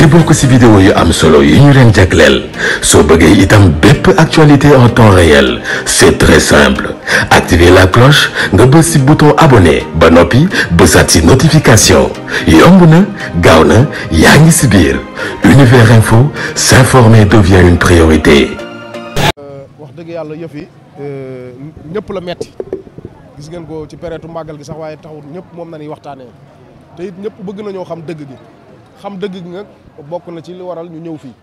ci bokk si vidéo yu am solo yu ñu leen jagleel soo bëggee tam bépp actualité en temps réel c'est très simple activer la cloche nga bës si bouton abonné ba noppi bësaat si notification yomb na gaaw na yaa ngi si biir univers info s'informer devient une priorité. Euh, wax dëgg yàlla yëf yi euh, ñëpp la metti gis ngeen ko ci période màggal gi sax waaye taxul ñëpp moom na ñuy waxtaanee te it ñëpp bëgg nañoo xam dëgg gi xam dëgg gi nag bokk na ci li waral ñu ñëw fii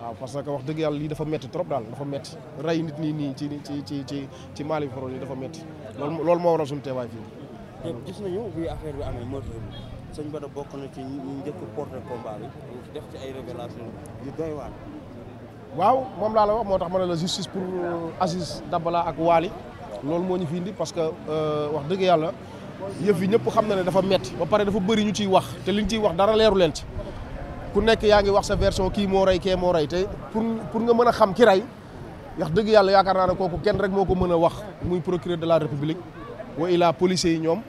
waaw parce que wax dëgg yàlla lii dafa metti trop daal dafa metti rey nit ñi nii ci ci ci ci ci Mali bi forol yi dafa metti loolu loolu moo waral suñu teewaay fii gis nañu bi affaire bi amee meurtre bi sëñ Bada bokk na ci ñu njëkk porté def ci ay révélation yu doy waaw moom laa la moo tax ma la justice pour Aziz Dabala ak loolu moo ñu fi indi parce que euh, wax dëgg yàlla yëf yi ñëpp xam na ne dafa metti ba pare dafa bëri ñu ciy wax te li ñu ciy wax dara leeru leen ci ku nekk yaa ngi wax sa version kii moo rey kee moo rey te pour pour nga mën a xam ki rey wax dëgg yàlla yaakaar naa ne kooku kenn rek moo ko mën a wax muy procureur de la république wa ilaa policiers yi ñoom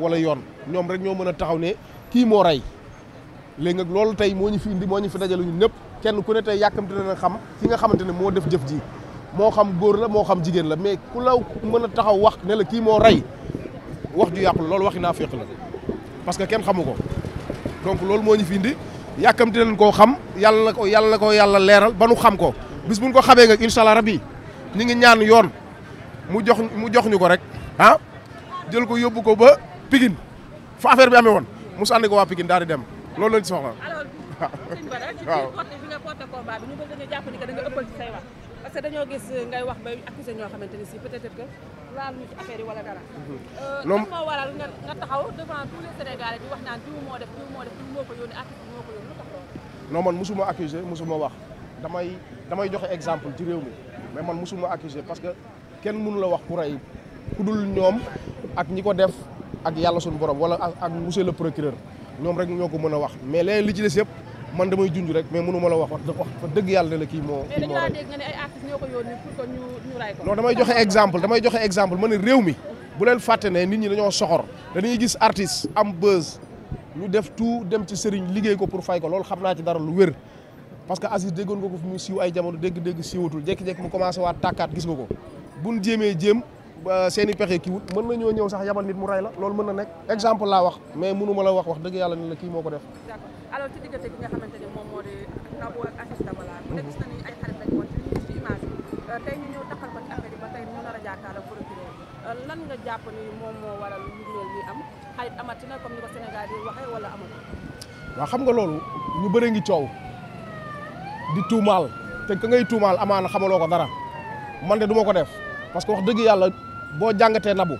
wala yoon ñoom rek ñoo mën a taxaw ne kii moo rey léegi nga loolu tey moo ñu fi indi moo ñu fi dajale ñu ñëpp kenn ku ne tey yàkkamte na xam ki nga xamante ne moo def jëf ji moo xam góor la moo xam jigéen la mais ku la mën a taxaw wax ne la kii moo rey wax ju yàqu loolu waxi naa féq la parce que kenn xamu ko yàkkamti leen koo xam yàlla ko yàlla ko yàlla leeral ba nu xam ko bis buñ ko xamee nga incha allah rabbi ñu ngi ñaan yoon mu jox mu jox ñu ko rek ah jël ko yóbbu ko ba Pikine fa affaire bi amee woon mu sànni ko waa Pikine daal di dem loolu lañ soxla parce que dañoo gis ngay wax xamante ni si peut-être que mhm. euh, man mosuma accusé mosuma wax damay damay joxe exemple ci réew mi mais man mosuma accusé parce que kenn mënu la wax ku rey ku dul ñoom ak ñi ko def ak yàlla suñu borom wala ak monsieur la procureur ñoom rek ñoo ko mën a wax mais léegi li ci des yëpp. man damay junj rek mais mënu ma la wax wax wax dëgg yàlla ne la kii moo. kii moo damay joxe exemple damay joxe exemple ma ne réew mi bu leen fàtte nit ñi dañoo soxor dañuy gis artiste am buzz ñu def tout dem ci sëriñ liggéey ko pour fay ko loolu xam naa ci lu wér. parce que Aziz déggoon nga ko fi muy siiw ay jamono dégg-dégg siiwatul jékki-jékki commencé waat tàkkaat gis nga ko buñ jéemee jéem seen i pexe kii wut mën na ñëw sax yabal nit mu rey la loolu mën na nekk exemple laa wax mais mënu ma la wax wax dëgg yàlla ne la kii moo ko def alors ci diggante bi nga xamante di Nabou ak bu ne euh, euh, lan nga jàpp ni moom moo waral njureel bi am xarit amatina comme ni ko Sénégal yi waxee wala amatu waaw xam nga loolu ñu bëri ngi coow di tuumaal te ka ngay tuumaal amaana xamaloo ko dara man de duma ko def parce que wax dëgg yàlla boo jàngatee nabu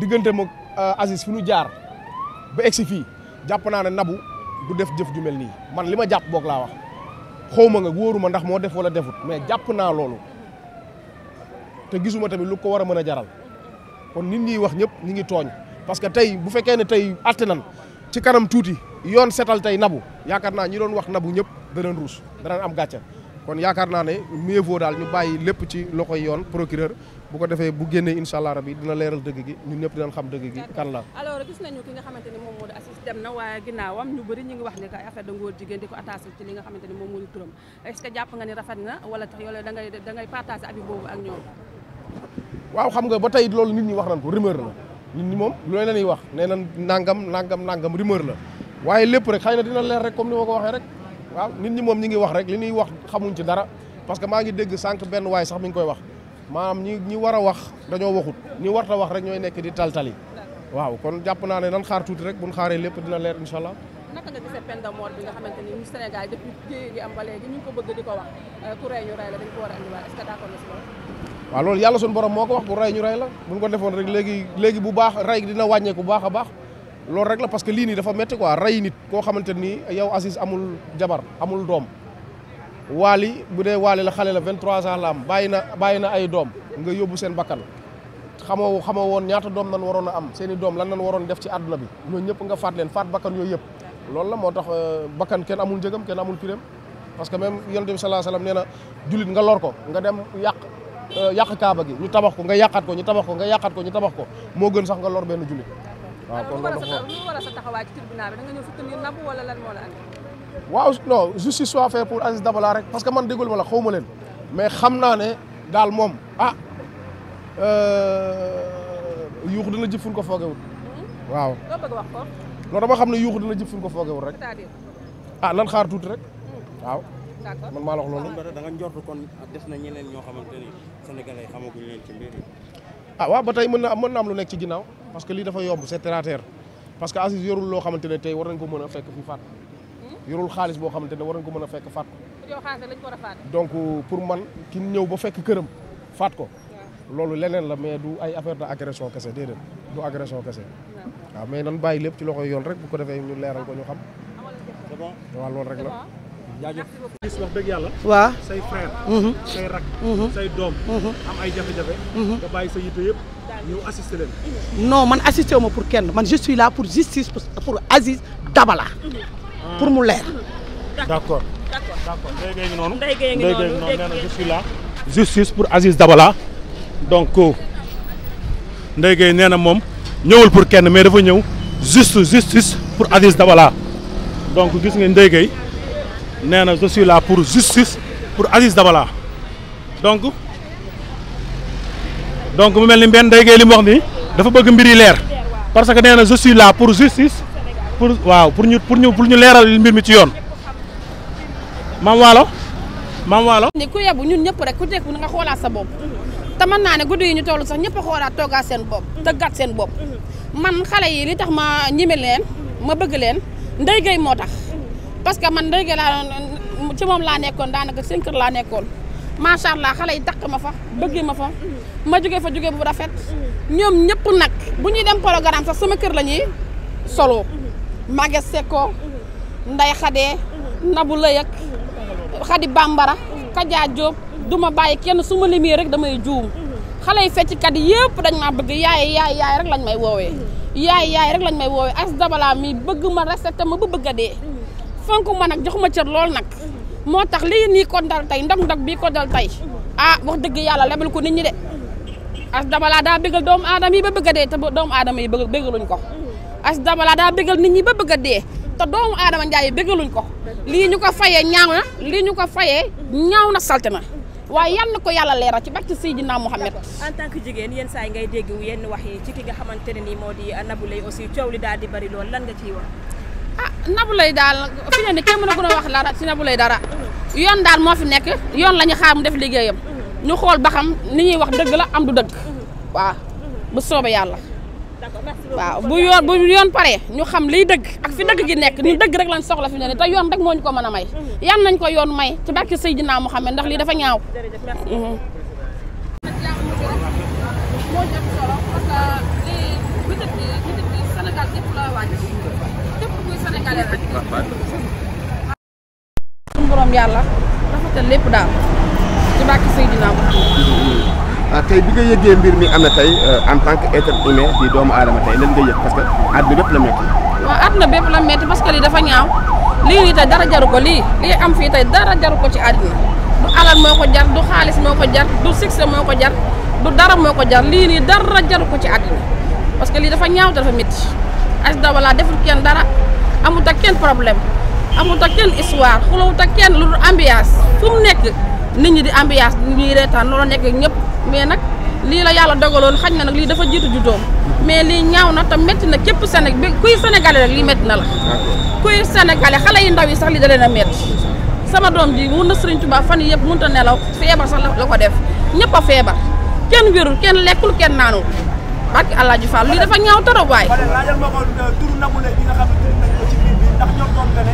diggante moom euh, Aziz fi ñu jaar ba egsi fii jàpp naa ne Nabou du def jëf ju mel nii man li ma jàpp boog laa wax xaw ma nga wóoruma ndax moo def wala defut mais jàpp naa loolu te gisuma tamit lu ko war a mën a jaral kon nit ñi wax ñëpp ñi ngi tooñ parce que tey bu fekkee ne tey àtte nan ci kanam tuuti yoon setal tey nabu yaakaar naa ñi doon wax nabu ñëpp daneen ruus danaan am gàcce kon yaakaar naa ne mieux vaut daal ñu bàyyi lépp ci loxo yoon procureur bu ko defee bu génnee incha allah rabi dina leeral dëgg gi ñu ñëpp dinañ xam dëgg gi kan la alors gis nañu xamante ni moom moo na waaye ginnaawam ñu bëri wax ne que affaire da di ko attaché ci li nga xamante ni moom moo di turam est ce que jàpp nga ni rafet na wala tax yow da ngay da ngay partagé abi boobu ak ñoom waaw xam nga ba tey loolu nit ñi wax nañ ko rumeur la nit ñi moom looy la ñuy wax nee na nangam nangam nangam rumeur la waaye lépp rek xëy na dina leer rek comme ni ko waxee rek waaw nit ñi moom ñi ngi wax rek li ñuy wax xamuñ ci dara parce que maa ngi dégg sànq benn waay sax mi ngi koy wax maanaam ñi ñi war a wax dañoo waxut ñi warta wax rek ñooy nekk di taltali waaw kon jàpp naa ne nan xaar tuuti rek bu ñu xaaree lépp dina leer incha allah. am ba léegi loolu. waaw loolu yàlla suñu borom moo ko wax euh, ku rey ñu rey la bu ko defoon rek léegi léegi bu baax rey dina wàññeeku bu baax a baax loolu rek la parce que lii nii dafa métti quoi rey nit koo xamante nii yow assis amul jabar amul doom waali bu dee waali la xale la 23 ans la am bàyyi na bàyyi na ay doom nga yóbbu seen bakkan xamoo xamoo woon ñaata doom nan waroon a am seen i doom lan nan waroon def ci àdduna bi ñooñu ñëpp nga faat leen faat bakkan yooyu yëpp loolu la moo tax euh, bakkan kenn amul njëgam kenn amul pireem parce que même yonent bi sallallahu alayhi wasallam nee na jullit nga lor ko nga dem yàq euh, yàq kaaba gi ñu tabax ko nga yàqaat ko ñu tabax nga yàqaat ko ñu tabax ko moo gën sax lor benn jullit waaw kon loolu waaw non justice soit faite pour Aziz Dabala rek parce que man déggul ma la xaw ma leen mais xam naa ne daal moom ah euh, yuux dina jëf fu ko foogewul. Hmm? waaw loo bëgg xam ne yuux dina jëf fu ko foogewul rek. cest à ah nan xaar tuuti rek. Hmm. waaw. d'accord man maa la wax loolu. des na ñeneen leen ci mbir yi. ah waaw tey mën na mën am lu nekk ci ginnaaw. parce que lii dafa yomb c'est terre parce que Aziz yorul loo xamante ne tey war nañ ko mën a fekk fii faat yorul xaalis boo xamante ne war nañ ko mën a fekk faat ko donc euh, pour man ki ñëw ba fekk këram faat ko loolu leneen la mais du ay affaire de agression kese déedéet du agression kese waaw ah, mais nan bàyyi lépp ci loxoy yoon rek bu ko defee ñu leeral ko ñu xam ah, waaw loolu rek la gis wax dëgg yàlla waa say frère mhm. say rak mhm. say doom mhm. am ay jafe-jafe nga bàyyi sa yitte yëpp ñëw assister leen non man assister wu ma pour kenn man je suis là pour justice pour Aziz Dabala ah. pour mu pour Aziz Dabala donc Ndeye Gueye nee na moom ñëwul pour kenn mais dafa ñëw juste justice pour Aziz Dabala donc gis ngeen Ndeye nee na je suis là pour justice pour Aziz Dabala donc donc mu mel ni benn day li mu wax ni dafa bëgg mbir yi leer parce que nee na la suis pour justice pour waaw pour ñu pour ñu pour ñu leeral mbir mi ci yoon maam waalo maam waalo ni ku yebu ñun ñëpp rek ku nekk na nga xoolaat sa bopp te mën naa ne guddi yi ñu toll sax ñëpp a xoolaat toogaat seen bopp tëggaat seen bopp man xale yii li tax ma ñime leen ma bëgg leen ndey gay moo tax parce que man ndege laa ci moom laa nekkoon daanaka seen kër laa nekkoon macha allah xale yi dàq ma fa bëggee ma fa ma jóge fa jóge bu rafet ñoom ñëpp nag bu ñuy dem programme sax sama kër la ñuy solo Maguette Secko Ndeye Xadee Nabou Lëyëg Xadi Bambara Kaja Diop du ma bàyyi kenn su ma limee rek damay juum xale yi fecckat yëpp dañ ma bëgg yaay yaay rek lañ may woowee yaay yaaye rek lañ may woowee as dabala mi bëgg ma respecté ma ba bëgg a fonk ma nag jox ma cër lool nag moo tax lii nii ko dal tey ndog-ndog bii ko dal tey ah wax dëgg yàlla lebal ko nit ñi de as dabalaa daa bégal doomu aadama yi ba bëgg dee te doomu aadama yi bëgg bégaluñ ko as dabalaa daa bégal nit ñi ba bëgg dee te doomu aadama njaay yi ko lii ñu ko fayee ñaaw na lii ñu ko fayee ñaaw na salte na waaye yal na ko yàlla leeral ci barke Seydina Mouhamed en tant que jigéen yen saa yi ngay dégg yenn wax yi ci ki nga xamante ne nii moo di Nabou Leye aussi coow li daal di bari lool lan nga ci wax ah Nabou Leye daal fi ne ni kenn mën a gën a wax dara si nabu Leye dara yoon daal moo fi nekk yoon la ñu xaar mu def liggéeyam ñu xool ba xam ni ñuy wax dëgg la am du dëgg waaw bu soobee yàlla waaw bu yoon bu yoon paree ñu xam liy dëgg ak fi dëgg gi nekk ñu dëgg rek lañ soxla fi ne ni te yoon rek moo ñu ko mën a may mhm. yan nañ ko yoon may ci barke Seydina Muhammad ndax lii dafa ñaaw mhm. moo suñu borom yàlla rafetal lépp daal ci bàkki Seydina Muhammad ah, tey bi nga yëgee mbir mi am na tey euh, en tant que être humain di doomu aadama tey lan nga yëg parce que àdduna bépp la metti waaw àdduna bépp la metti parce que lii dafa ñaaw lii nii tey dara jaru ko lii lii am fii tey dara jaru ko ci àdduna du alal moo ko jar du xaalis moo ko jar du succès moo ko jar du dara moo ko jar lii nii dara jaru ko ci àdduna parce que lii dafa ñaaw dafa métti as dawalaa amut ak kenn problème amut ak kenn histoire xulawut ak kenn lu dul ambiance fu mu nekk nit ñi di ambiance ñuy reetaan loolu nekk ñëpp mais nag lii la yàlla dogaloon xañ na nag lii dafa jiitu juddoom mais lii ñaaw na te métti na képp Sénégal bi kuy sénégalais rek lii métti na la kuy sénégalais xale yi ndaw yi sax li da leen a sama doom ji mun na Serigne Touba fan yi yëpp mënut a nelaw feebar sax la ko def ñëpp a feebar kenn wérul kenn lekkul kenn naanu barki Alaaji Fall lii dafa ñaaw ndax ñoom doon nga ne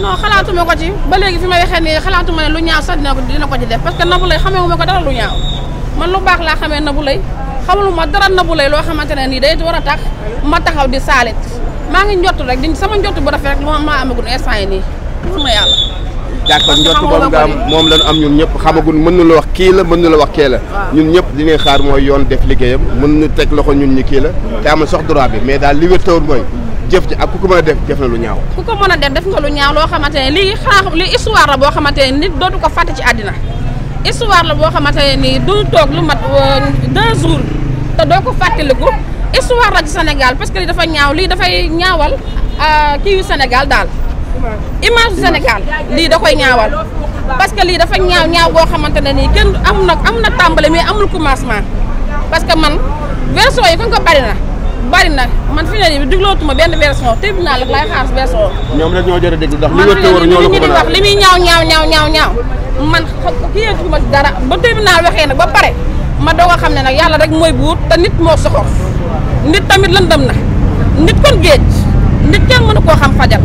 moom xalaatuma ko ci ba léegi fi ma waxee nii xalaatuma ne lu ñaaw sax dina ko dina ko ci def parce que Nabou Leye xamewuma ko dara lu ñaaw man lu baax laa xamee Nabou Leye xamuluma dara Nabou Leye loo xamante ne nii day war a tax ma taxaw di saalit maa ngi njott rek di sama njott bu rafet rek moo maa amagun yi nii sama yàlla am moom lañu am ñun ñëpp xamagun mën na la wax kii la mën na la wax kee la ñun ñëpp li ngay xaar mooy yoon def liggéeyam mën na teg loxo ñun ñi kii la te amal so droit bi mais daal li wér mooy jëf ji ak ku ko mën a def lu ñaaw mën a def def nga lu ñaaw loo xamante ne lii xaax lii histoire la boo xamante ne nit dootu ko fàtte ci àddina histoire la boo xamante ne nii du toog lu mat euh, deux jours te doo ko fàttaliku histoire la ci Sénégal parce que lii dafa ñaaw lii dafay ñaawal euh, kii yu Sénégal daal image yu Sénégal lii da koy ñaawal parce que lii dafa ñaaw ñaaw boo xamante ne nii kenn am na am na tàmbali mais amul commencement parce que man version yi ko nga bari na bari na man fi ne nii déglootuma benn version tribunal laay xaar version. ñoom rek ñoo jar a déglu ndax li nga ñoo la ko mën a wax li muy ñaaw ñaaw ñaaw ñaaw ñaaw man kiyeetuma dara ba tribunal waxee nag ba pare ma doog a xam ne nag yàlla rek mooy buur te nit moo soxor nit tamit lëndëm na nit kon géej nit kenn mënu koo xam fajal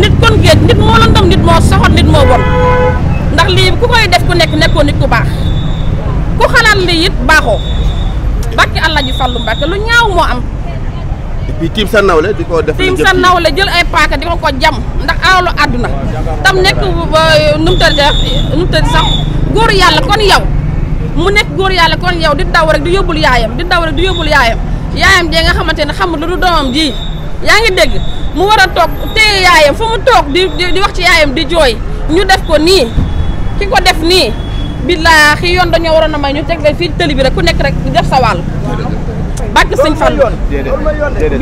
nit kon géej nit moo lëndëm nit moo soxor nit moo bon ndax lii ku koy def ku nekk nekkoon nit ku baax ku xalaat lii it baaxoo bàkki Allah ji fàllu depuis tiim sa nawle di ko def tiim sa nawle jël ay paaka di ko ko jam ndax alalu àdduna tam nekk numutali euh, numutali sax góor yàlla kon yow mu nekk góor yàlla kon yow di daw rek di yóbbul yaayam di daw rek di yóbbul yaayam yaayam jee nga xamante ne xamul lu du doomam jii yaa ngi dégg mu war a toog téye yaayam fu mu toog di di wax ci yaayam di jooy ñu def ko nii ki ko def nii billaahi yoon dañoo waroon a may ñu teg leen fii tëli bi rek ku nekk rek def sa wàll. bàkk sëñ fan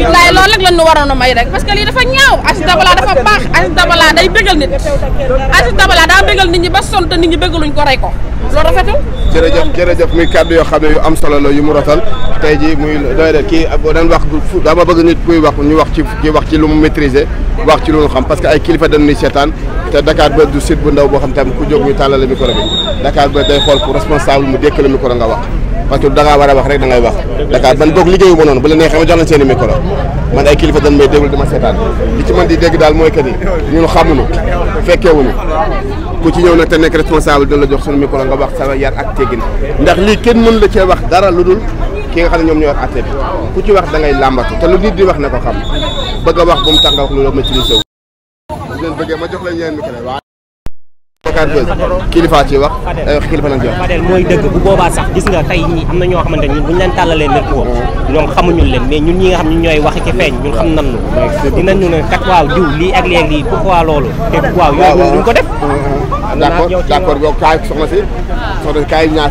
billaay loolu rek la ñu a may rek parce que lii dafa ñaaw Aziz Dabala dafa baax Aziz Dabala day bégal nit Aziz Dabala daa bégal nit ñi ba sonn te nit ñi bégaluñ ko rey ko loolu rafetul jërëjëf jërëjëf muy kàddu yoo xam ne yu am solo la yu mu rotal te jii muy doy de kii dañ wax dama bëgg nit kuy wax ñu wax ci wax ci lu mu maîtriser wax ci lu xam parce que ay kilifa dañ seetaan te Dakar Buzz du site bu ndaw boo xam tamit ku jóg ñu tàllale micro bi Dakar Buzz day xool ku responsable mu dékk la micro nga wax parce que da war a wax rek da ngay wax Dakar man boog ma i micro seetaan li ci mën di dégg daal mooy que ni ñun xamuñu fekkeewuñu ku ci ñëw nag te nekk responsable dina la jox suñu micro nga wax sama yar ak teggin ndax lii kenn mënu la cee wax dara lu dul ki nga xam ne ñoom ñoo war ku ci wax da ngay làmbatu te lu nit di wax na a wax bu mu tax nga leen bëggee ma jox leen yeneen micro waaw. Dakar Buzz kilifa ci wax ay wax kilifa lañ ci wax. Fadel mooy dëgg bu boobaa sax gis nga tey am na ñoo xamante ne buñ leen tàllalee lépp woon ñoom xamuñu leen mais ñun ñi nga xam ñu ñooy wax ci feeñ ñun xam nañu dinañu ne kat waaw jiw lii ak lii ak lii pourquoi loolu te waaw yooyu duñ ko def d'accord d'accord yow soxna si soxna si kaay ñaar